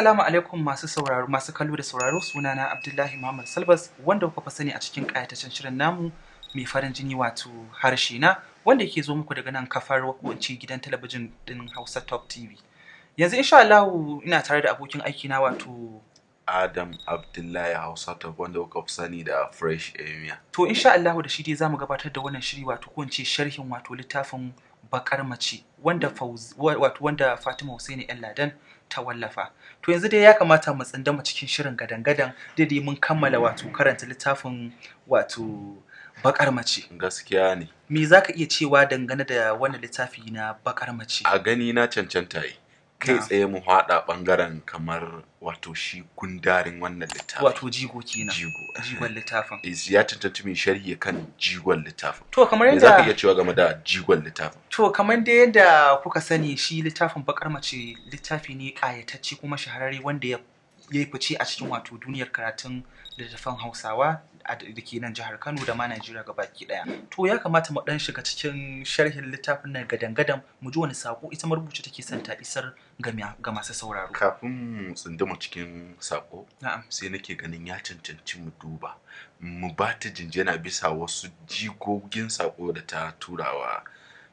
Assalamu alaikum masu sauraro masu kallo da sauraro sunana Abdullahi Muhammad Salbas wanda kuka fa sani a cikin kayataccen shirin namu mai farin jini wato harshe na wanda yake zo muku daga nan kafar ko gidan talabijin din Hausa Top TV. Yanzu insha Allah ina tare da abokin aiki na wato Adam Abdullahi Hausa Top wanda kuka fa sani da Fresh Emia. To insha Allah da shi dai zamu gabatar da wannan shiri wato ko sharhin wato littafin bakar mace wanda wato wanda Fatima hussaini Yan Ladan ta wallafa to yanzu dai ya kamata mu tsindama cikin shirin gadangadan, gadan dai mun kammala wato karanta littafin wato bakar mace gaskiya ne me zaka iya cewa dangane da wannan littafi na bakar mace a gani na cancanta yi kai tsaye mu haɗa ɓangaren kamar wato shi kundarin wannan littafin wato jigo kenan jigo eh. jigon littafin is ya tantance mai sharhi kan jigon littafin to kamar yadda zaka iya cewa game da jigon littafin to kamar da yadda kuka sani shi littafin bakar mace littafi ne kayatacce kuma shahararre wanda ya yi fice a cikin wato duniyar karatun littafin Hausawa da ke nan jihar Kano da ma Najeriya ga baki daya. To ya kamata mu dan shiga cikin sharhin littafin nan gadan-gadan mu ji wani sako ita marubuci take son ta isar ga masu sauraro kafin mu tsunduma cikin sako sai nake ganin ya cancanci mu duba mu ba ta jinjina bisa wasu jigogin sako da ta turawa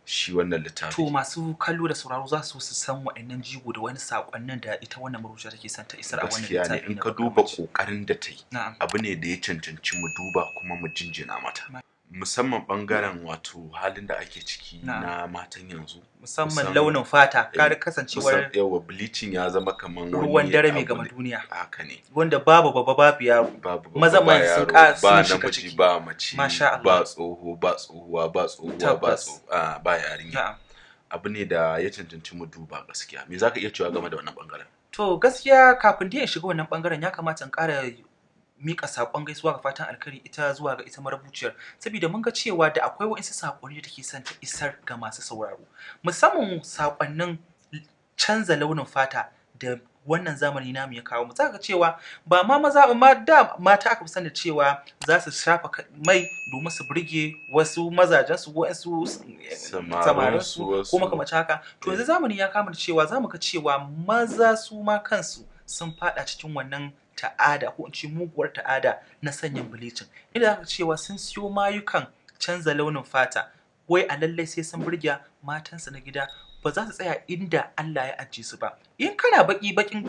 shi wannan littafi to masu kallo da sauraro za su san wa'annan jigo da wani sakonnin da ita wannan marubuciya take son ta isar a wannan littafi gaskiya ne in ka duba kokarin da ta yi abu ne da ya cancanci mu duba kuma mu jinjina mata musamman bangaren mm. wato halin da ake ciki na matan yanzu musamman launin fata kare eh, kasancewar yawa bleaching ya zama kamar ruwan dare mai gama duniya haka ne wanda babu baba babu yaro maza man sun ka sun shiga ciki ba mace ba tsoho ba tsohuwa ba tsohuwa ba tsohuwa ba yarinya abu ne da ya cancanci mu duba gaskiya me zaka iya cewa game da wannan bangaren to gaskiya kafin da ya shiga wannan bangaren ya kamata in ƙara mika sakon gaisuwa ga fatan alkhairi ita zuwa ga ita marabuciyar saboda mun ga cewa da akwai wa'insu sakonni da take son ta isar ga masu sauraro musamman sakonnin canza launin fata da wannan zamani namu ya kawo mu za ka cewa ba ma maza ma da mata aka sani cewa za su shafa mai domin su burge wasu mazajen su wasu samarin su ko makamanci haka to yanzu eh. zamani ya kama da cewa za mu ga cewa maza su ma kansu sun fada cikin wannan ta'ada ko ce muguwar ta'ada na sanya bilicin inda zaka cewa sun siyo mayukan canza launin fata wai a lallai sai sun burge matansa na gida ba za su tsaya inda Allah ya ajiye su ba in kana baki bakin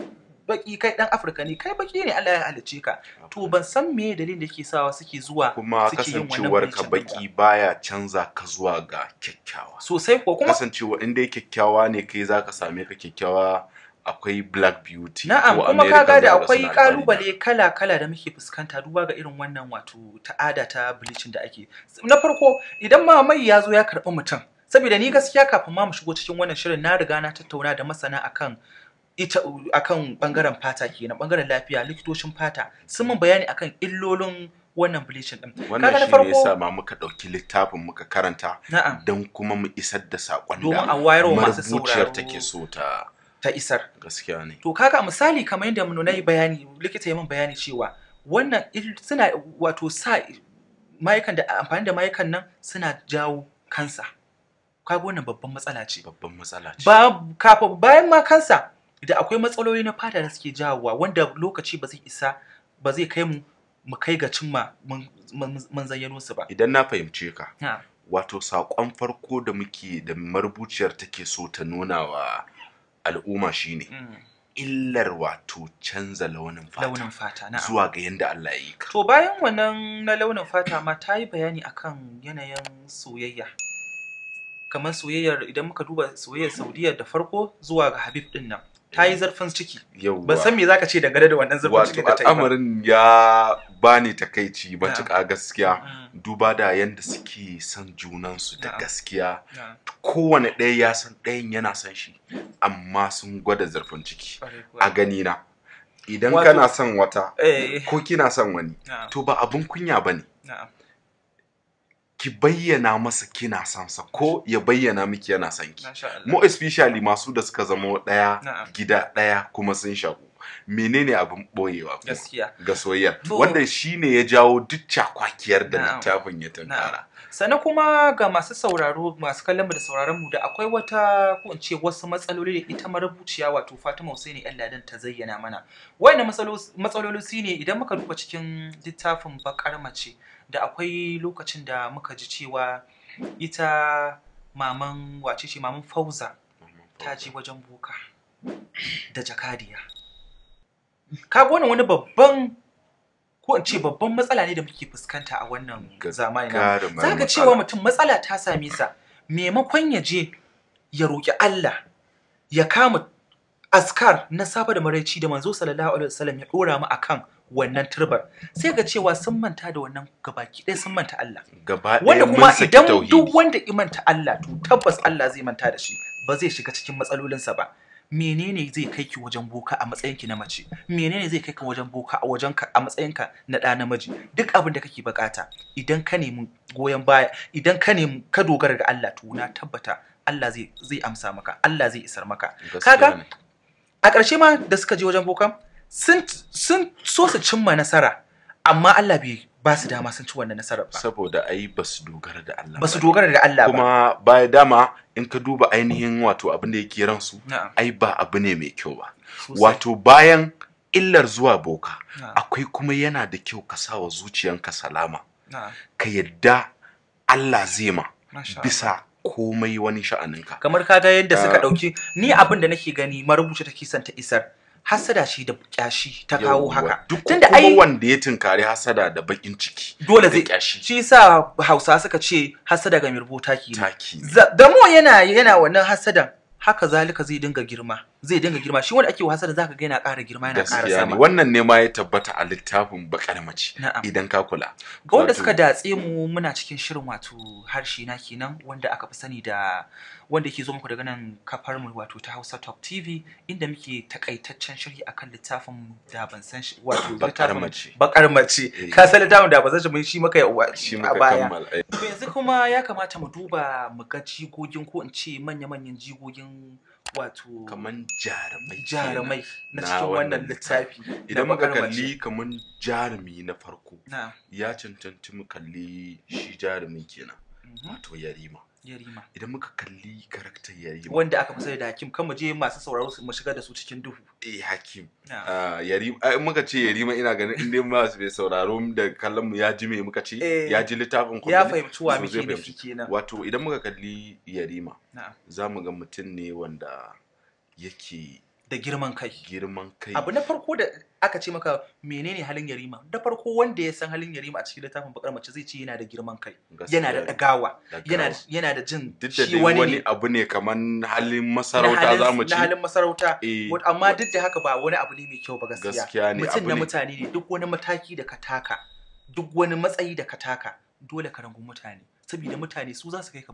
baki kai dan Afirka ne kai baki ne Allah ya halice ka to ban san me dalilin da yake sawa suke zuwa kuma kasancewar ka baki baya canza ka zuwa ga kyakkyawa sosai ko kuma kasancewa inda kyakkyawa ne kai zaka same ka kyakkyawa akwai black beauty na'am kuma kaga da akwai kalubale kala-kala da muke fuskanta duba ga irin wannan wato ta'ada ta bleaching da ake na farko idan ma mai ya zo ya karɓi mutum saboda ni gaskiya kafin ma mu shigo cikin wannan shirin na riga na tattauna da masana akan ita akan bangaren fata kenan bangaren lafiya likitocin fata sun mun bayani akan illolin wannan bleaching din wannan shi ne yasa ma muka dauki littafin muka karanta don kuma mu isar da sakon da marubuciyar take so ta ta isar gaskiya ne to kaga misali kamar yadda mun nayi bayani likita ya min bayani cewa wannan suna wato sa mayukan da amfani da mayukan nan suna jawo kansa kaga wannan babban matsala ce babban matsala ce ba bayan ma kansa da akwai matsaloli na fata da suke jawowa wanda lokaci ba zai isa ba zai kai mu mu kai ga cimma mun zayyano su ba idan na fahimce ka wato saƙon farko da muke da marubuciyar take so ta nuna wa al'umma shi ne. Mm. illar wato canza launin fata launin fata na zuwa ga yanda Allah ya yi ka to bayan wannan na launin fata ma ta yi bayani akan yanayin soyayya kamar soyayyar idan muka duba soyayyar Saudiya da farko zuwa ga Habib din nan ta yi zarfin ciki ba san me zaka ce dangane da wannan zarfin ciki da ta yi al'amarin ya bani takaici cika gaskiya mm. duba da yanda suke son junan su da gaskiya kowane ɗaya ya san ɗayan yana son shi amma sun gwada zarfin ciki a gani na idan kana son wata eh. ko kina son wani to ba abun kunya bane ki bayyana masa kina sansa ko ya bayyana miki yana sanki mu especially masu da suka zama ɗaya gida ɗaya kuma sun shaku menene abin boyewa gaskiya ga soyayya wanda shine ya jawo duk kwakiyar da littafin ya tunkara sana kuma ga masu sauraro masu kallon mu da sauraron mu da akwai wata ko in ce wasu matsaloli da ita marubuciya wato Fatima Husaini yan ta zayyana mana wayannan matsaloli su ne idan muka duba cikin littafin bakar mace da akwai lokacin da muka ji cewa ita maman wace ce maman Fauza ta ji wajen boka da jakadiya kaga wannan wani babban ko in ce babban matsala ne da muke fuskanta a wannan zamani na za ka cewa mutum matsala ta same sa maimakon ya je ya roƙi Allah ya kama askar na safa da maraici da manzo sallallahu alaihi wasallam ya dora mu akan wannan turbar sai ga cewa sun manta da wannan gabaki ɗaya sun manta Allah wanda kuma idan duk wanda imanta Allah to tabbas Allah zai manta da shi ba zai shiga cikin matsalolinsa ba menene zai kai ki wajen boka a matsayin ki na mace menene zai kai ka wajen boka a wajen ka a matsayin ka na ɗa namiji duk abin da kake bukata idan ka nemi goyon baya idan ka nemi ka dogara ga Allah to na tabbata Allah zai zai amsa maka Allah zai isar maka kaga a ƙarshe ma da suka je wajen boka sun sun so su cimma nasara amma Allah bai ba su dama sun ci wannan nasarar ba saboda ai ba su dogara da Allah ba su dogara da Allah ba kuma baya dama in ka duba ainihin wato abin da yake su ai ba abu ne mai kyau ba wato bayan illar zuwa boka akwai kuma yana da kyau ka sa wa zuciyanka salama ka yadda Allah zai ma bisa komai wani sha'aninka kamar ka kaga yadda suka dauki ah. ni abin da nake gani marubuci take son isar hasada shi da kyashi ta kawo haka tunda ai wanda ya tinkari hasada da bakin ciki dole zai kyashi shi yasa Hausa suka ce hasada ga mirbo taki ne da mu yana yana wannan hasadan haka zalika zai dinga girma zai dinga girma shi wanda ake wasa da zaka ga yana ƙara girma yana ƙara sama wannan ne ma ya tabbata a littafin bakar mace idan ka kula ga wanda suka datse mu muna cikin shirin wato harshe na kenan wanda aka fi sani da wanda yake zo muku daga nan kafar mu wato ta Hausa Top TV inda muke takaitaccen shirhi akan littafin da ban san shi wato bakar mace bakar mace eh. ka san littafin da ban san shi shi maka shi maka kammala eh. yanzu kuma ya kamata mu duba mu ga jigogin ko in ce manya-manyan jigogin wato kaman jarumai jarumai na cikin wannan littafi idan muka kalli kaman jarumi na farko ya cancanci mu kalli shi jarumin kenan mhm. wato yarima yarima idan muka kalli karakter yarima wanda aka fi sani da hakim kan mu je masu sauraro mu shiga da su cikin duhu eh hakim ah, yarima in muka ce yarima ina ganin in dai masu bai sauraro da kallon mu ya ji me muka ce eh, ya ji littafin ku ya fahimci wa muke nufi kenan wato idan muka kalli yarima za mu ga mutum ne wanda yake da girman kai girman kai abu na farko da aka ce maka menene halin yarima da farko wanda ya san halin yarima a cikin littafin bakar mace zai ce yana da girman kai yana da dagawa yana da jin shi wani wani abu ne kaman halin masarauta za mu ci na halin masarauta eh, amma duk da haka ba wani abu ne mai kyau ba gaskiya Gaskiya ne, mutum na mutane ne duk wani mataki da ka taka duk wani matsayi da ka taka dole ka rangu mutane saboda mutane su za su kai ka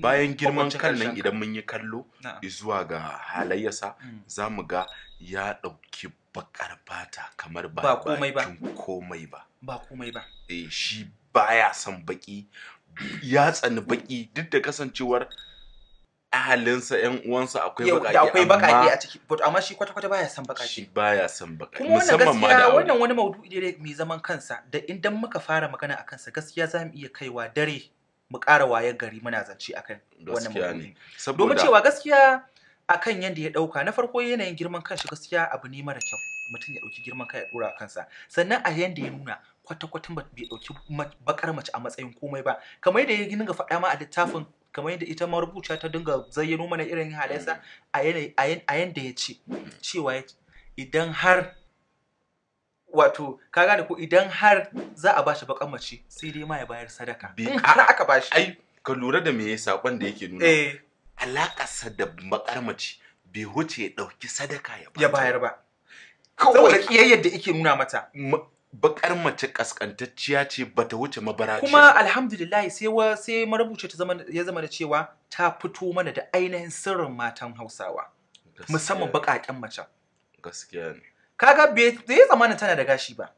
bayan girman kan nan idan mun yi kallo zuwa ga halayyasa mm. za mu ga ya ɗauki bakar fata kamar ba komai ba komai ba ba komai ba eh shi baya son baki ya tsani baki duk da kasancewar ahalinsa yan uwansa akwai bakaki akwai bakaki a ciki but amma shi kwata kwata baya san bakaki shi baya san bakaki kuma wannan gaskiya wannan wani maudu'i ne mai zaman kansa da idan muka fara magana a kansa gaskiya za mu iya kaiwa dare mu ƙara wayar gari muna zance akan wannan maudu'i domin cewa gaskiya akan yadda ya dauka na farko yanayin girman kanshi gaskiya abu ne mara kyau mutum ya dauki girman kai ya dora kansa sannan a yanda ya nuna kwata kwata bai dauki bakar mace a matsayin komai ba kamar yadda ya ginin ga faɗa ma a littafin kamar yadda ita marubuciya ta dinga zayyano mana irin halayensa a yanda ya ce cewa idan har wato ka gane ko idan har za a bashi baƙan mace sai dai ma ya bayar sadaka in har aka bashi ai ka lura da me ya sakon da yake nuna eh alaƙarsa da baƙar mace bai wuce ya ɗauki sadaka ya bayar ba kawai saboda kiyayyar da yake nuna mata bakar mace kaskantacciya ce bata wuce mabaraciya kuma alhamdulillah sai wa sai marubuce ta zama ya zama da cewa ta fito mana da ainihin sirrin matan Hausawa musamman bakaken mace gaskiya ne kaga bai zamana tana da gashi ba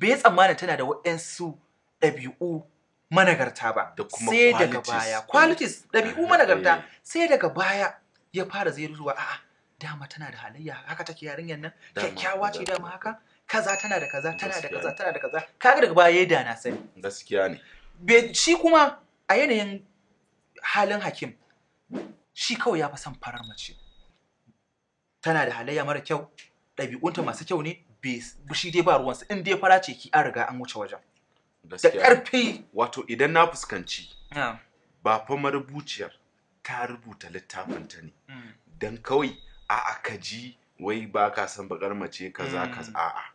bai tsammana tana da waɗansu ɗabi'u managarta ba sai daga baya qualities ɗabi'u eh. managarta sai daga baya ya fara zai zuwa a'a dama tana da halayya haka take yarinyar nan kyakkyawa ce dama haka kaza tana da kaza tana da kaza tana da kaza kaga daga baya yayi da na sani gaskiya ne be shi kuma a yanayin halin hakim shi kawai ya fi san farar mace tana da halayya mara kyau ɗabi'unta masu kyau ne shi dai ba ruwansa in dai fara ce ki an riga an wuce wajen da ƙarfi wato idan na fuskanci ah. ba fa marubuciyar ta rubuta littafin ta ne mm. dan kawai a'a ka wai baka ka san bakar mace kaza mm. kaza a'a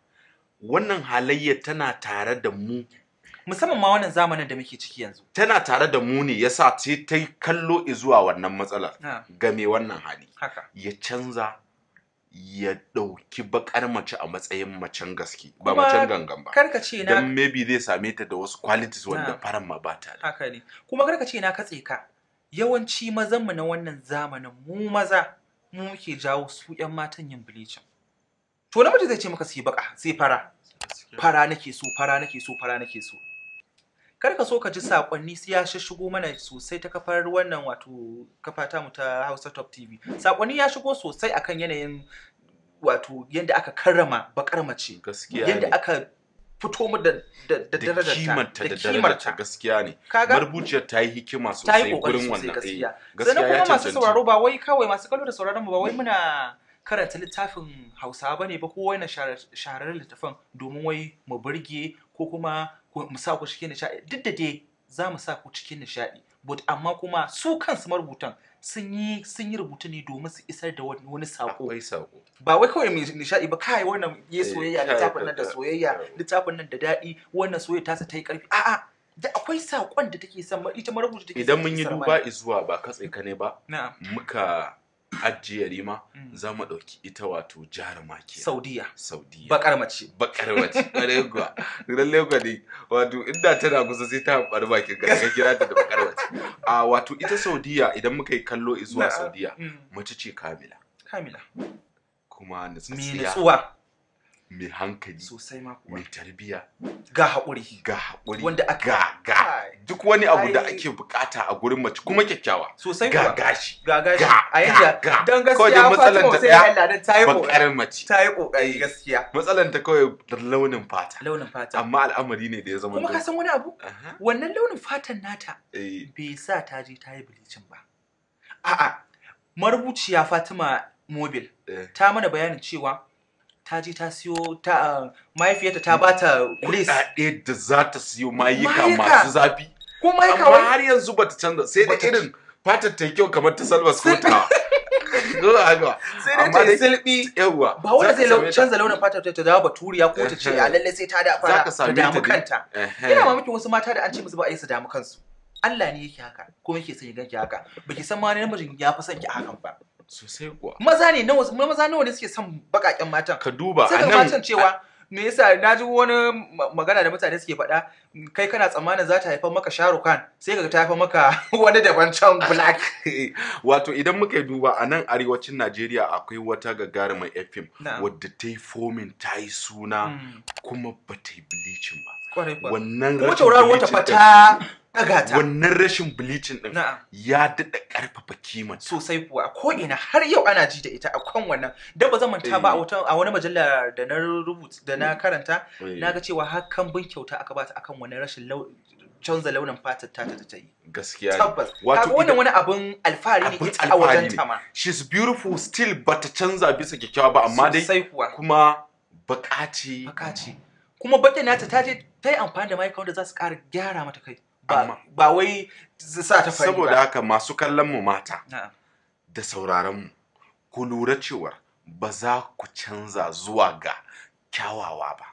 wannan halayya tana tare da mu musamman ma wannan zamanin da muke ciki yanzu tana tare da mu ne yasa sai ta kallo zuwa wannan matsalar ah. game wannan hali ya canza ya ɗauki bakar mace a matsayin macen gaske ba macen gangan ba karka ce na Don maybe zai same ta da wasu qualities wanda ah. faran ma ba ta haka ne kuma karka ce na katse ka yawanci mazan mu na wannan zamanin mu maza mu muke jawo su ƴan matan yin bleaching to namiji zai ce maka sai baka sai fara fara nake so fara nake so fara nake so kar ka so ka ji sakonni sai ya shigo mana sosai ta kafar wannan wato kafa ta mu ta Hausa Top TV sakonni ya shigo sosai akan yanayin wato yadda aka karrama bakar mace gaskiya yadda aka fito mu da da ta. da ta gaskiya ne marbuciyar ta yi hikima sosai gurin wannan eh, gaskiya sannan kuma masu sauraro ba wai kawai masu kallo da sauraron mu ba wai muna karanta littafin hausa ba ne ba ko wani shahararren littafin domin wai mu burge ko kuma mu sa ku cikin nishaɗi duk da dai za mu sa ku cikin nishaɗi but amma kuma su kansu marubutan sun yi sun yi rubutu ne domin su isar da wani sako akwai sako ba wai kawai mai nishaɗi ba kai wannan ya eh, soyayya littafin nan da soyayya littafin nan da daɗi wannan soyayya ta ta yi ƙarfi a'a da akwai sakon da take son ita marubuta take idan mun yi duba izuwa ba katse ka ne ba muka ajiye rima mm. za mu ɗauki ita wato jaruma ke saudiya saudiya bakar mace bakar mace ƙwarai kuwa lalle ne wato inda tana kusa sai ta bar bakin ka ka kira ta da bakar mace a wato ita saudiya idan muka yi kallo zuwa saudiya mm. mace ce kamila kamila kuma nutsuwa mai hankali sosai ma kuwa mai tarbiya ga haƙuri ga haƙuri wanda aka ga ga duk wani abu da ake bukata a gurin mace kuma kyakkyawa sosai ga gashi ga gashi a yanda don gaskiya matsalan ta daya ladan tayi kokari mace tayi kokari eh, gaskiya matsalan ta kawai launin fata launin fata amma al'amari ne da ya zama kuma ka san wani abu wannan launin fatan nata eh. bai sa ta je yi bleaching ba a'a marubuciya Fatima Mobil eh. ta mana bayanin cewa ta ta siyo ta ah, mahaifiyarta ta bata list kuɗaɗe da za ta siyo mayuka masu zafi ko mayuka amma har yanzu bata canza sai da irin fatar ta kyau kamar ta salvas ko ta sai da ta silbi yawa ba wanda zai canza launin fatar ta dawo baturiya ko ta ce a ah, lalle sai ta da fara ta damu kanta ina mamakin wasu mata da an ce musu ba a yi su damu kansu Allah ne yake haka kuma yake sanya ya ganki haka baki san ma namijin ya fi son ki hakan ba Sosai kuwa. Maza ne nawa maza nawa ne suke son baƙaƙen matan. Ka duba a nan. matan cewa me yasa na ji wani magana da mutane suke faɗa kai kana tsammanin za ta haifar maka Shahrukh Khan sai kaga ta haifar maka wani daban can black wato idan muka yi duba a nan arewacin Najeriya akwai wata gagarumar FM wadda ta yi fomin ta yi suna hmm. kuma ba ta yi bleaching ba wannan rashin wata wannan rashin bleaching ɗin. ya daɗa ƙarfafa kimanta sosai kuwa ko ina har yau ana ji da ita a akan wannan da ba zan manta ba eh. a wani majalla da na rubuta da na mm. karanta eh. naga cewa har bin kyauta aka bata akan wannan rashin canza launin fatar ta ta yi gaskiya tabbas wato wannan wani abun alfahari ne ita a wajen ta ma she's beautiful still bata canza bisa kyakkyawa ba amma dai kuma bakaci bakaci kuma bakin nata ta je ta yi amfani da ma'aikata da za su ƙara gyara mata kai ba wai sa ta fari saboda haka masu kallon mu mata da sauraron mu ku lura cewar ba za ku canza zuwa ga kyawawa ba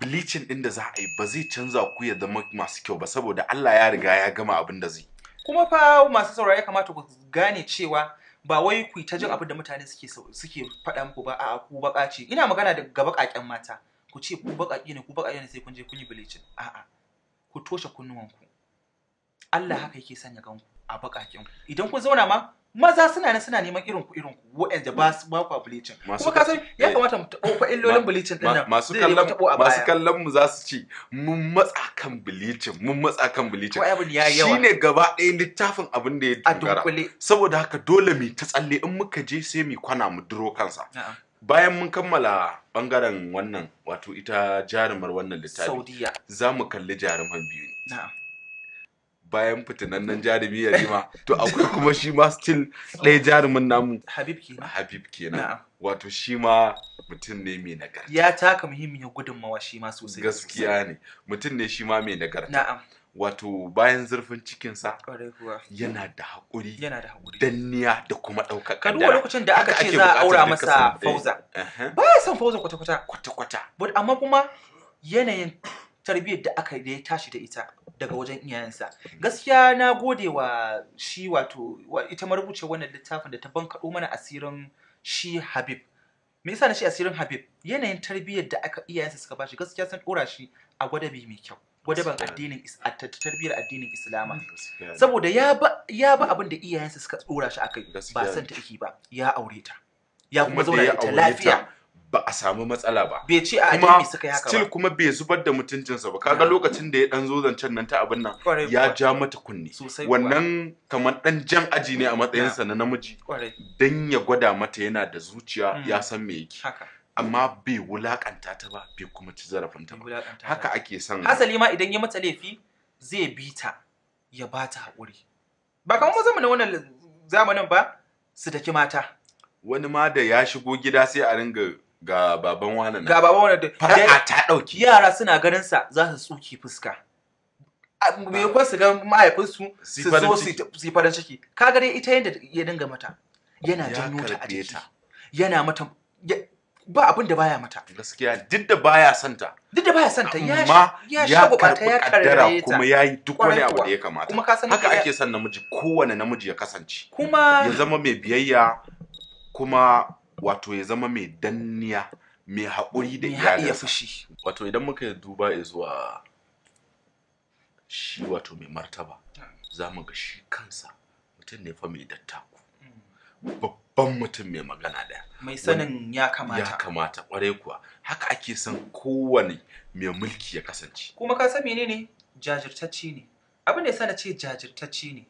bleaching din da za a yi ba zai canza ku ya zama masu kyau ba saboda Allah ya riga ya gama abin da zai kuma fa masu saurari ya kamata ku gane cewa ba wai ku ta jin abin da mutane suke suke faɗa muku ba a'a ku baƙaci ina magana da gaba kaken mata ku ce ku baƙaƙi ne ku baƙaƙi ne sai kun je kun yi bleaching a'a ku toshe kunnuwanku Allah mm. haka yake sanya ganku a bakakin ku. idan ku zauna ma maza suna nan suna neman irin ku irin ku waɗanda ba su ba ku bleaching kuma ka san ya kamata mu tabo fa illolin bleaching din nan masu kallon masu kallon mu za su ce mun matsa kan bleaching mun matsa kan bleaching Wai ya yawa. shine gaba ɗaya littafin abin da ya dogara saboda haka dole mu ta tsalle in muka je sai mu kwana mu duro kansa bayan mun kammala bangaren wannan wato ita jarumar wannan littafi za mu kalli jaruman biyu ne bayan fitinannan jarumi ya rima to akwai kuma shi ma still ɗaya jarumin namu habib kenan habib kenan wato shi ma mutum ne mai nagarta ya taka muhimmiyar gudunmawa shi ma sosai gaskiya ne mutum ne shi ma mai nagarta na'am wato bayan zurfin cikinsa yana da haƙuri danniya da kuma ɗaukar Kada duba lokacin da aka ce za a aura masa fauza ba ya son fauza kwata-kwata kwata-kwata amma kuma yanayin tarbiyyar da aka da ya tashi da ita daga wajen iyayensa gaskiya na gode wa shi wato ita marubuce wannan littafin da ta bankaɗo mana asirin shi habib me yasa na shi asirin habib yanayin tarbiyyar da aka iyayensa suka bashi gaskiya sun ɗora shi a gwadabi mai kyau gwadaban addinin tarbiyyar addinin islama mm, saboda ya ba ya ba abin da iyayensa suka tsora shi akai ba san ta ba ya aure ta ya kuma zauna ta lafiya ba a samu matsala ba bai ce a addini suka yaka ba still kuma bai zubar da mutuncinsa ba kaga lokacin da ya dan zo zancen nan ta abin nan ya ja mata kunni wannan kamar dan jan aji ne a matsayinsa na namiji dan ya gwada mata yana da zuciya mm. ya san me yake amma bai wulakanta ta ba bai kuma ci ta ba haka ake son asali ma idan ya mata laifi zai bi ta ya ba ta haƙuri ba kamar mu na wannan zamanin ba su taki mata wani ma da ya shigo gida sai a ringa ga baban wani ga baban wani fara ta dauki yara suna ganin sa za su tsuki fuska me ko su ga mahaifinsu su zo su yi farin ciki ka dai ita yadda ya dinga mata yana janyo ta a jiki yana mata ba abin da baya mata gaskiya duk da baya santa duk da baya santa ya ya gubata ya karara kuma yayi duk wani abu da ya kamata kuma ka san haka ake son namiji kowane namiji ya kasance kuma ya zama mai biyayya kuma wato ya zama mai danniya mai haƙuri da iyalinsa wato idan muka duba zuwa shi wato mai martaba hmm. za mu ga shi kansa mutum ne fa mai datta babban mutum mai magana ɗaya mai sanin ya kamata ya kamata kware kuwa haka ake san kowane mai mulki ya kasance kuma ka san menene Jajirtacci ne abin da ya sana ce jajirtacci ne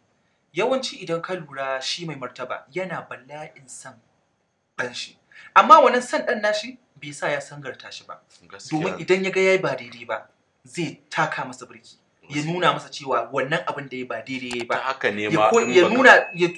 yawanci idan ka lura shi mai martaba yana bala'in san ɗan shi amma wannan san ɗan nashi bai sa ya san sangarta shi ba domin idan ya ga yayi ba daidai ba zai taka masa birki ya nuna masa cewa wannan abin da ya ba daidai ba ya ma. ya nuna ya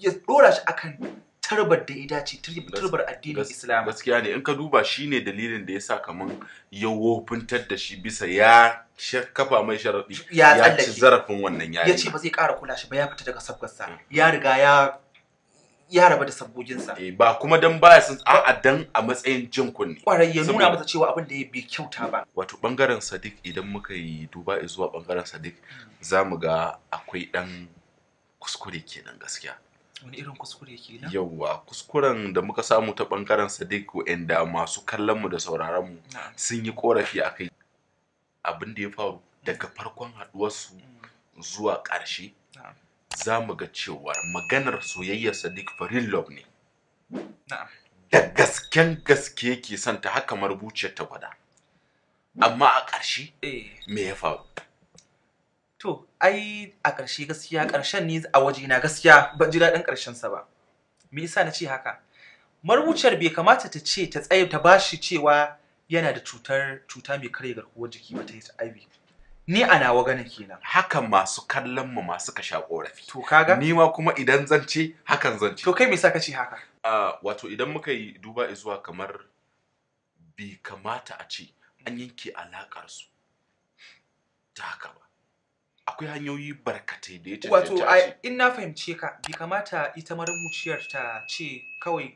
ya dora shi akan tarbar da ya dace tarbar addinin islam gaskiya ne in ka duba shi ne dalilin da sa kaman ya wofintar da shi bisa ya kafa mai sharadi ya ci zarafin wannan yayi ya ce ba zai ƙara kula shi ba ya fita daga sabgarsa hmm. ya riga ya ya raba da sabgoginsa eh, ba kuma dan baya sun a'a adan a matsayin jin kunne. kwarai ya nuna masa cewa abin da ya bi kyauta ba wato bangaren sadiq idan muka yi duba zuwa bangaren sadiq hmm. zamu ga akwai dan kuskure kenan gaskiya wani irin kuskure nan yawwa kuskuren da muka samu ta bangaren sadiq inda masu kallon mu da sauraron mu sun yi korafi akai abin da ya faru daga farkon haduwar su mm. zuwa ƙarshe za ga cewa maganar soyayyar sadiq farin love ne da gasken gaske yake son ta haka buciyar ta gwada amma a ƙarshe eh. me ya faru To, ai a ƙarshe gaskiya ƙarshen ne a waje na gaskiya ba ji daɗin ƙarshen sa ba. Me yasa na ce haka? Marubuciyar bai kamata ta ce ta tsaye ta bashi cewa yana da cutar cuta mai karya garkuwar jiki ba ta HIV. Ni a nawa ganin kenan. Hakan masu kallon mu masu kasha ƙorafi. To kaga? Ni ma kuma idan zan ce hakan zan ce. To kai me yasa ka ce haka? Uh, wato idan muka yi duba zuwa kamar bai kamata a ce an yanke alaƙar su ta haka ba. akwai hanyoyi barkatai da ya cancanta wato in na fahimce ka bai kamata ita marubuciyar ta ce kawai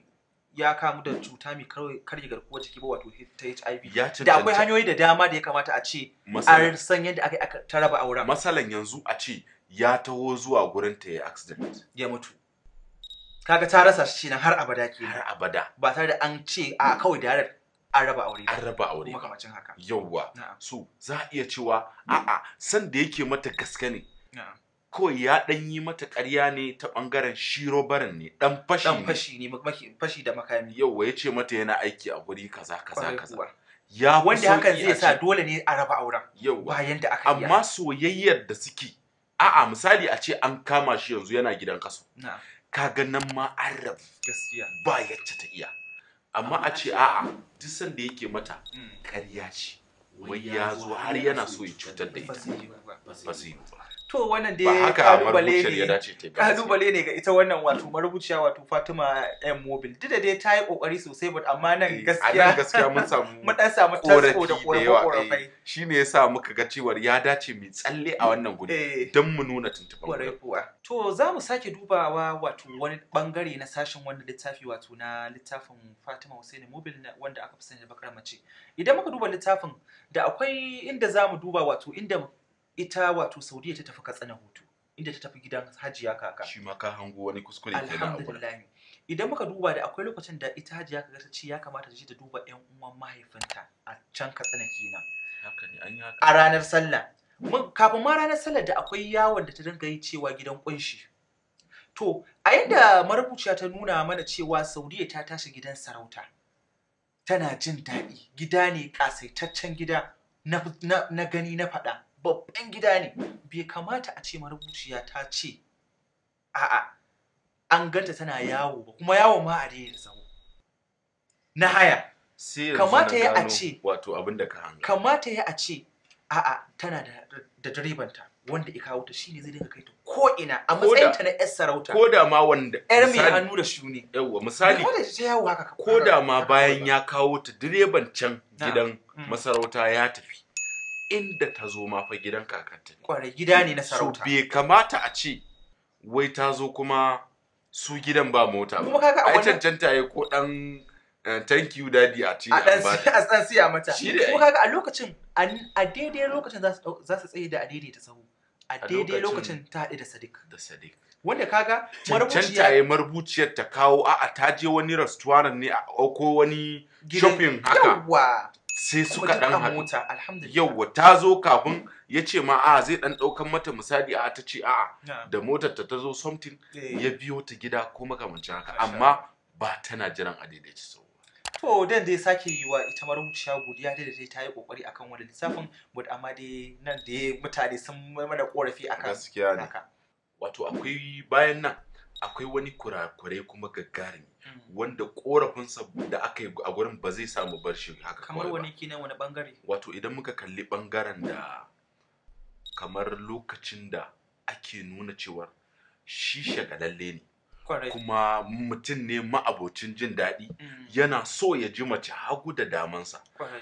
ya kamu da cuta mai karye garkuwar jiki ba wato ta HIV da akwai hanyoyi da dama da ya kamata a ce an san yadda aka ta raba auren masalan yanzu a ce ya taho zuwa gurin ta ya accident ya mutu kaga ta rasa shi har abada ke har abada ba tare da an ce a kawai da an raba aure an raba aure kamacin haka yawwa so za a iya cewa hmm. a'a san da yake mata gaske ne kawai ya dan yi mata ƙarya ne ta bangaren shiro barin ne dan fashi dan fashi ne fashi da makami yawwa ya ce mata yana aiki a guri kaza kaza kaza ya wanda hakan zai sa dole ne a raba auren yawwa bayan da aka amma soyayyar da suke a'a misali a ce an kama shi yanzu yana gidan kaso kaga nan ma an rabu gaskiya ba yacce ta iya amma a ce a'a duk sanda yake mata hmm. ƙarya ce wai ya zo har yana so ya cutar da ita ba su ba to wannan dai kalubale ne ne ga ita wannan wato marubuciya wato Fatima M Mobile duk da dai ta yi kokari sosai but amma eh, nan gaskiya gaskiya mun samu mun dan samu tasko da korafai eh, shine yasa muka ga cewar ya dace mu tsalle a wannan gudu eh. don mu nuna kuwa. to za mu sake dubawa wato wani bangare na sashen wannan littafi wato na littafin Fatima Hussein Mobile wanda aka fi sani da bakar mace idan muka duba littafin da akwai inda za mu duba wato inda ita wato saudiya ta tafi katsina hutu inda ta tafi gidan hajiya kaka shi ma ka hango wani kuskure kenan alhamdulillah idan muka duba da akwai lokacin da ita hajiya kaka ta ce ya kamata ta je ta duba yan uwan mahaifinta a can katsina kina haka ne an yi a ranar sallah kafin ma ranar sallah da akwai yawon da ta dinga yi cewa gidan kunshi to a yadda marubuciya ta nuna mana cewa saudiya ta tashi gidan sarauta tana jin daɗi gida ne ƙasaitaccen gida na gani na faɗa babban gida ne bai kamata a ce marubuciya ta ce a'a an ganta tana yawo ba kuma yawo ma a da zama na haya kamata ya a ce wato abin da ka hanga kamata ya a ce a'a tana da direbanta wanda ya kawo ta shine zai dinga kai ta ko ina a matsayin ta na yar sarauta ko da ma wanda yar mai hannu da ne yawa misali ko da ma bayan ya kawo ta direban can gidan mm. masarauta ya tafi inda ta zo ma fa gidan kakanta kwarai gida ne na sarauta so bai kamata a ce wai ta zo kuma su gidan ba mota ba Kuma kaga a wannan cancanta ya ko ɗan eh, thank you daddy a ce a ɗan siya mata kuma kaga a lokacin a daidai lokacin za su tsaye da a ta sahu a daidai lokacin ta haɗe da sadik. da sadik. wanda kaga marubuciya ya marubuciyar ta kawo a'a ta je wani restaurant ne a ko wani shopping haka yawa sai suka dan haɗu yauwa ta zo kafin ya ce ma a zai dan daukan mata misali a ta ce a da motar ta ta zo something eh. ya biyo ta gida ko makamancin haka amma ba tana jiran a daidaici sau to dan dai sake yi wa ita marubuciya godiya da dai ta yi kokari akan wani lissafin but amma dai nan da mutane sun mana korafi akan gaskiya ne wato akwai bayan nan akwai wani kurakurai kuma gaggarumi mm. wanda korafinsa da aka yi a gurin ba zai samu barshi haka kamar wani kinan wani bangare wato idan muka kalli bangaren da kamar lokacin da ake nuna cewar shi shagalalle ne kuma mutum ne ma'abocin jin daɗi mm. yana so ya ji mace hagu da damansa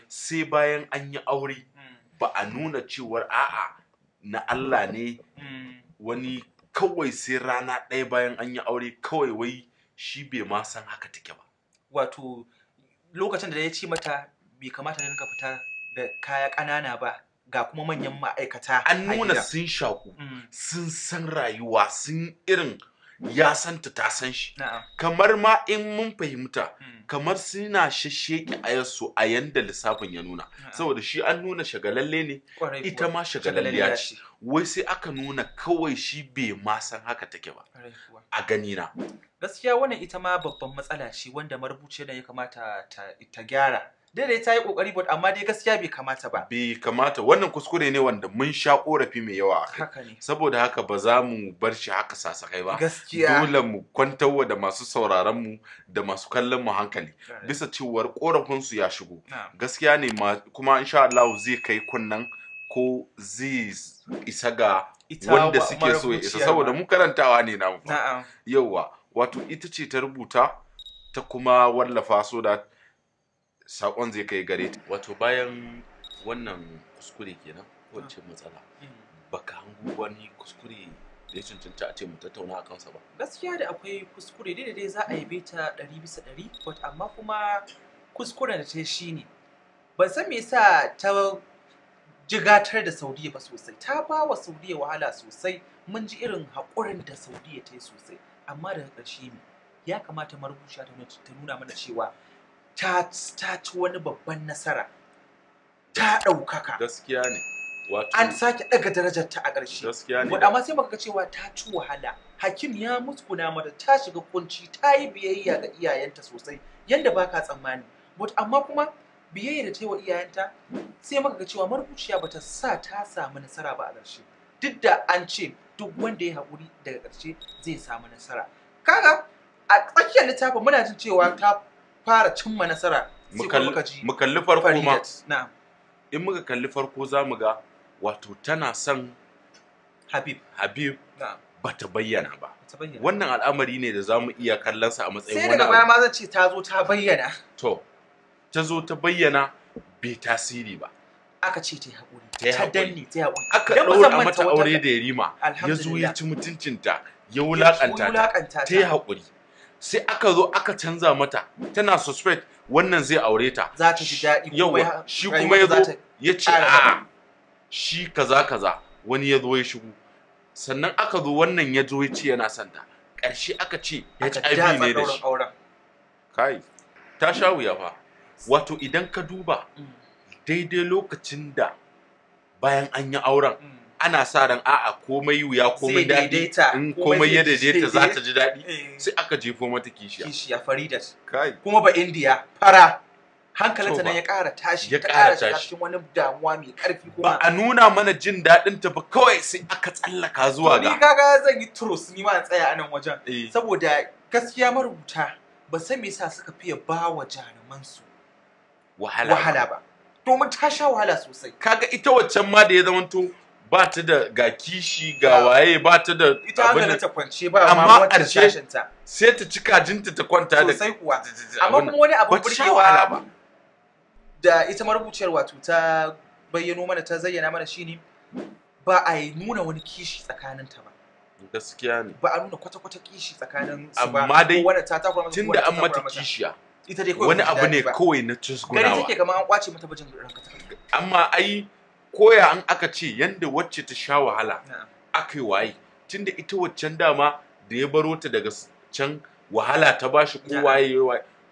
sai bayan an yi aure mm. ba a nuna cewar a'a na Allah ne wani kawai sai rana ɗaya bayan an yi aure kawai wai shi bai ma san haka take ba wato lokacin da ya ce mata bai kamata da rinka fita da kaya ƙanana ba ga kuma manyan ma'aikata an nuna sun shaku mm. sun san rayuwa sun irin ya san ta ta san shi kamar ma in mun fahimta hmm. kamar suna shasheke ayarsu a yanda lissafin ya nuna saboda shi an nuna shagalalle ne ita ma shagalalle ya ce wai sai aka nuna kawai shi bai ma san haka take ba a ganina gaskiya wannan ita ma babban matsala ce wanda marubuciyar ya kamata ta gyara dai dai ta yi ƙoƙari but amma dai gaskiya bai kamata ba bai kamata wannan kuskure ne wanda mun sha korafi mai yawa a ne saboda haka ba za mu bar shi haka sasakai ba gaskiya dole mu kwantarwa da masu sauraron mu da masu kallon mu hankali bisa cewar korafin su ya shigo gaskiya ne kuma insha Allah zai kai kunnan ko zai isa ga wanda suke so ya isa saboda mu karantawa ne namu yauwa wato ita ce ta rubuta ta kuma wallafa so da sakon zai kai gare ta wato bayan wannan kuskure kenan wacce ah. matsala mm. baka hango wani kuskure da ya cancanta a ce mu tattauna a kansa ba gaskiya da akwai kuskure dai da dai za a yi ta ɗari bisa ɗari amma kuma kuskuren da ta yi shi ne ban san me yasa ta jigatar da saudiya ba sosai ta ba wa saudiya wahala sosai mun ji irin haƙurin da saudiya ta yi sosai amma daga ƙarshe ne ya kamata marubuciya ta nuna mana cewa ta ci wani babban nasara ta ɗaukaka gaskiya ne an sake ɗaga darajar ta a ƙarshe gaskiya ne amma sai muka cewa ta ci wahala hakim ya muskuna mata ta shiga kunci ta yi biyayya ga iyayenta sosai ba baka tsammani but amma kuma biyayya da ta yi wa iyayenta sai muka ga cewa marubuciya bata sa ta samu nasara ba a ƙarshe duk da an ce duk wanda ya haƙuri daga ƙarshe zai samu nasara kaga a tsakiyar littafin muna jin cewa ta fara cimma nasara mu kalli farko ma in muka kalli farko za mu ga wato tana son habib habib ta bayyana ba wannan al'amari ne da za mu iya kallonsa a matsayin wani sai daga baya ma zan ce ta zo ta bayyana to ta zo ta bayyana bai tasiri ba aka ce ta yi haƙuri ta danne ta haƙuri aka ɗaura mata aure da yarima ya zo ya ci mutuncinta ya wulaƙanta ta ta yi haƙuri sai aka zo aka canza mata tana suspect wannan zai aure ta za ta shi daɗi yawa shi kuma ya zo ya ce a shi kaza kaza wani ya zo ya shigo sannan aka zo wannan ya zo ya ce yana son ta ƙarshe aka ce HIV ne da shi kai ta sha wuya fa wato idan ka duba mm. daidai lokacin da bayan an yi auren mm. ana sa ran a'a komai wuya komai daɗi in komai ya daidaita za ta ji daɗi eh. sai aka jefo mata kishiya kishiya faridas kuma ba indiya fara hankalinta nan ya ƙara tashi ya ƙara tashi cikin wani damuwa mai ƙarfi kuma ba a nuna mana jin daɗin ta ba kawai sai aka tsallaka zuwa ga ni kaga zan yi trust ni ma tsaya a nan wajen eh. saboda gaskiya marubuta ba san me yasa suka fiye ba wa su wahala wahala ba domin ta sha wahala sosai kaga ita waccan ma da ya zamanto ba ta da ga kishi ga waye ba ta da ita ga ta kwance ba amma ta sai ta ci kajinta ta kwanta da sai kuwa amma kuma wani abu burgewa da ita marubuciyar wato ta bayyano mana ta zayyana mana shine ba a yi nuna wani kishi tsakaninta ba gaskiya ne ba a nuna kwata-kwata kishi tsakanin su ba amma dai tunda an mata kishiya ita dai kawai wani abu ne kawai na tusgunawa gari take kamar an kwace mata bajin ranka amma ai koya an aka ce yadda wacce ta sha wahala aka yi waye tunda ita waccan dama da ya baro ta daga can wahala ta bashi ko waye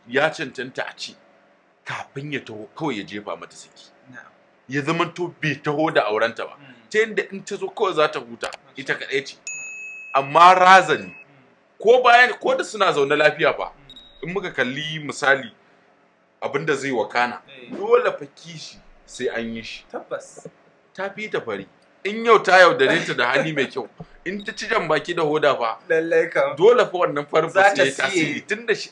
ya cancanta a ce kafin ya taho kawai ya jefa mata saki ya zama to bai taho da aurenta ba hmm. ta yadda in ta zo kawai za ta huta ita kaɗai ce amma razani hmm. ko bayan ko da suna zaune lafiya ba hmm. in muka kalli misali abinda zai wakana eh. dole fa kishi sai an yi shi tabbas ta fi ta fari in yau ta yaudare ta da hali mai kyau in ta ci jan baki da hoda fa lallai kam dole fa wannan farin za ta tasiri tun da shi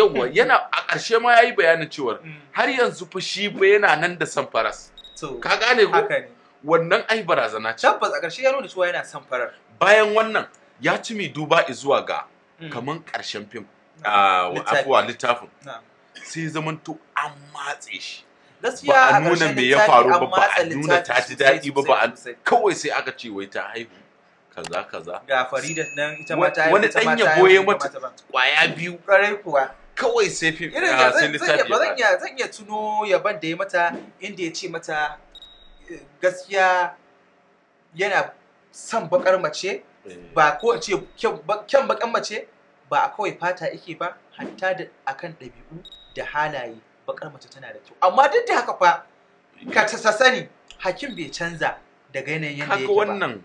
yawwa yana a ƙarshe ma yayi bayanin cewar mm. har yanzu fa shi ba yana nan da san faras ka gane ko wannan ai barazana ce tabbas a ƙarshe ya nuna cewa yana san farar bayan wannan ya ci mai duba zuwa ga mm. kaman ƙarshen fim ah, a afuwa littafin sai to an matse shi gaskiya a nuna me ya faru ba ba a nuna ta ji daɗi ba ba kawai sai aka ce wai ta haihu kaza kaza ga farida nan ita ma ta haihu wani dan yabo ya mata kwaya biyu kwarai kuwa kawai sai fi irin ah, zan iya zan iya tuno yaban da ya mata inda ya ce mata eh, gaskiya yana son bakar mace eh. ba ko ce kyan bakan mace ba a kawai fata yake ba hatta da akan ɗabi'u da halaye bakar mace tana da kyau amma duk da haka fa ka ta sani hakim bai canza daga yanayin yadda yake ba Haka wannan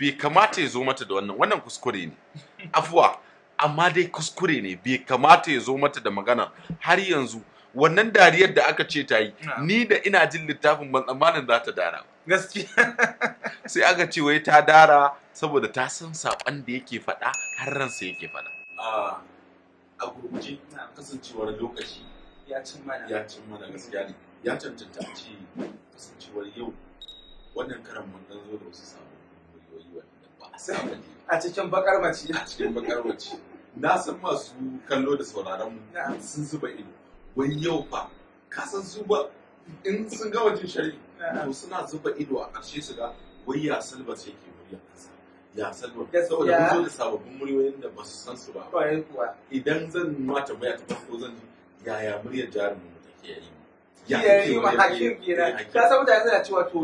bai kamata ya zo mata da wannan wannan kuskure ne afuwa amma dai kuskure ne bai kamata ya zo mata da magana har yanzu wannan dariyar da aka ce ta yi ni da ina jin littafin ban tsammanin za ta dara gaskiya sai aka ce wai ta dara saboda ta san saƙon da yake faɗa har ransa yake faɗa ah, a gurguje kasancewar lokaci ya cin mana ya cimma mana gaskiya ne ya cancanta a ce kasancewar yau wannan karan mun dan zo da wasu sabon muryoyi wanda ba a saba a cikin bakar mace a cikin bakar mace na san masu kallo da sauraron mu sun zuba ido wai yau fa ka san su ba in sun ga wajen shari to suna zuba ido a ƙarshe su ga wai ya salba ce ke murya kasa ya salma saboda mun zo da sababbin muryoyin da ba su san su ba idan zan mata baya ta ko zan ji yaya muryar jarumin take yi ya yi ma hakim kenan ka san mutane suna cewa to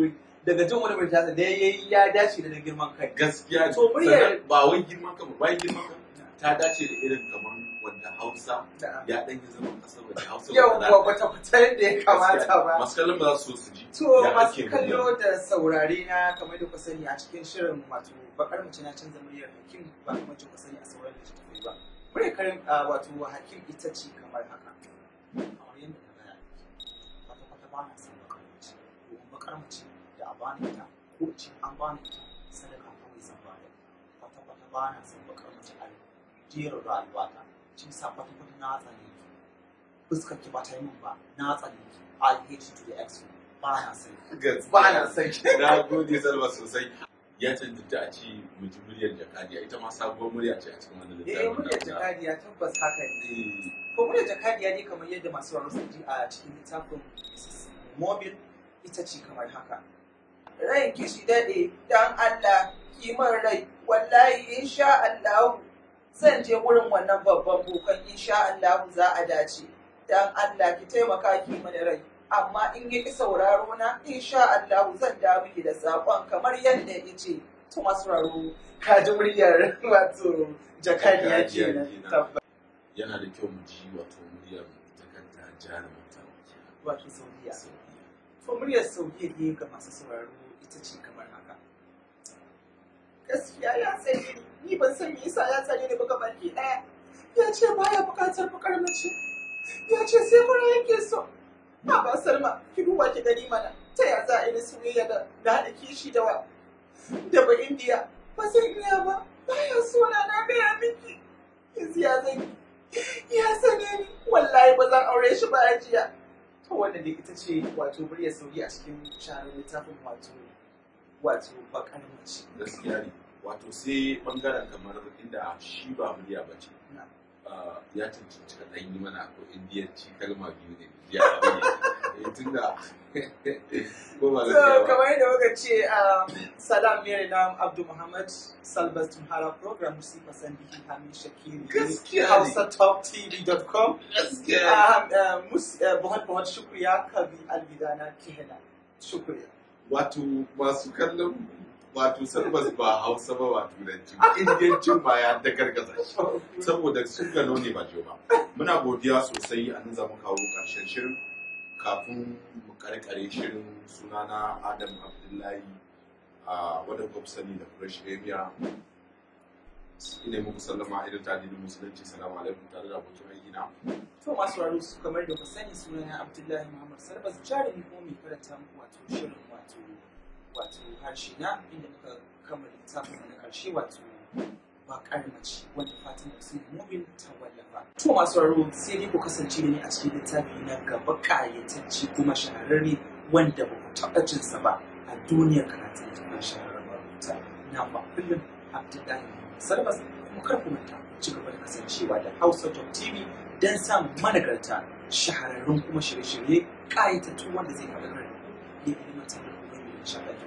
daga jin wani mai tasa da ya yi ya dace da girman kai gaskiya to muryar ba wai girman ka ba girman ka ta dace da irin kamar wanda Hausa ya dan yi zaman kasar waje Hausa yau ba ta fitar yadda ya kamata ba masu kallon ba za su su ji to masu kallo da saurare na kamar da ku sani a cikin shirin wato bakar mace na canza muryar hakim ba kuma ku sani a saurare da shi ba muryar karin ah, wato hakim ita ce kamar haka kamar da ka gaya kwata kwata ba na son bakar mace domin bakar mace da a bani ita ko a ce an bani ita sadaka kawai zan bada kwata kwata ba na son bakar mace a jerin rayuwa ta shi sa kwata kwata na tsane ki fuskar ki ba ta yi min ba na tsane ki I hate you to the extreme ba na son ki ba na son ki na gode salma sosai ya cancanta a ci mutum muryar jakadiya ita ma sabuwar murya ce a cikin wannan littafin. Eh muryar jakadiya tabbas haka ne. Kwamfutar jakadiya ne kamar yadda masu wani su a cikin littafin mobil ita ce kamar haka. ki shi daɗe don Allah kimar rai wallahi insha Allahu zan je wurin wannan babban bukan insha Allahu za a dace. Don Allah ki taimaka ki mana rai amma in ya isa sauraro na insha Allahu zan dawo da saƙon kamar yadda ya ce. To masu ka muryar wato jakadiya kenan tabbas. yana da kyau mu ji wato muryar ta kanta Murtala. wato saudiya to muryar saudiya ne ga masu sauraro ita ce kamar haka gaskiya ya tsare ni ban san me yasa ya tsare ni ba gaba ki ya ce baya bukatar bakar mace ya ce sai fara yake so ba ba salma ki duba ki gani mana ta ya za a yi soyayya da na haɗa kishi da wa da ba indiya ba sai ina ba baya so na na gaya miki yanzu ya zan yi ya sane ni wallahi ba zan aure shi ba ajiya to wanda dai ita ce wato murya sauyi a cikin shahararren littafin wato wato bakan mace gaskiya ne wato sai bangaren kamar inda shi ba murya ba ce ah, ya cancanci kaɗan yi mana ko indiyanci kalma biyu ne ya ne tunda goma zai kamar yadda muka ce um, salam mere na abdu muhammad salbas tumhara program musi fasan bihi hamin shakiri hausa top tv.com buhat buhat shukriya kabi albidana kihela shukriya wato masu kallon wato salbas ba hausa ba wato turanci indiyancin ba ya da gargaza shi saboda sun gano ne ba ba muna godiya sosai an zama za mu kawo ƙarshen shirin kafin mu karkare shirin sunana adam abdullahi a wadda ku da fresh area ina muku sallama irin da musulunci salamu alaikum tare da abokin aikina. to masu raro su kamar da ku sani sunana abdullahi muhammad sarbas jarin kuma mai karanta muku wato shirin wato wato harshe na inda muka kammala littafin na karshe wato bakar mace wanda fatima hussein mumin ta wallafa to masu raro sai dai ku kasance da ni a cikin littafi na gaba kayatacce kuma shahararre wanda ba ku taɓa jinsa ba a duniyar karatun littafin shahararren marubuta na ba kullum abdullahi salmas kuma kar ku manta ci gaba da kasancewa da hausa tv don samun managarta shahararrun kuma shirye-shirye ƙayatattu wanda zai faɗakar da ku ne ilimantar da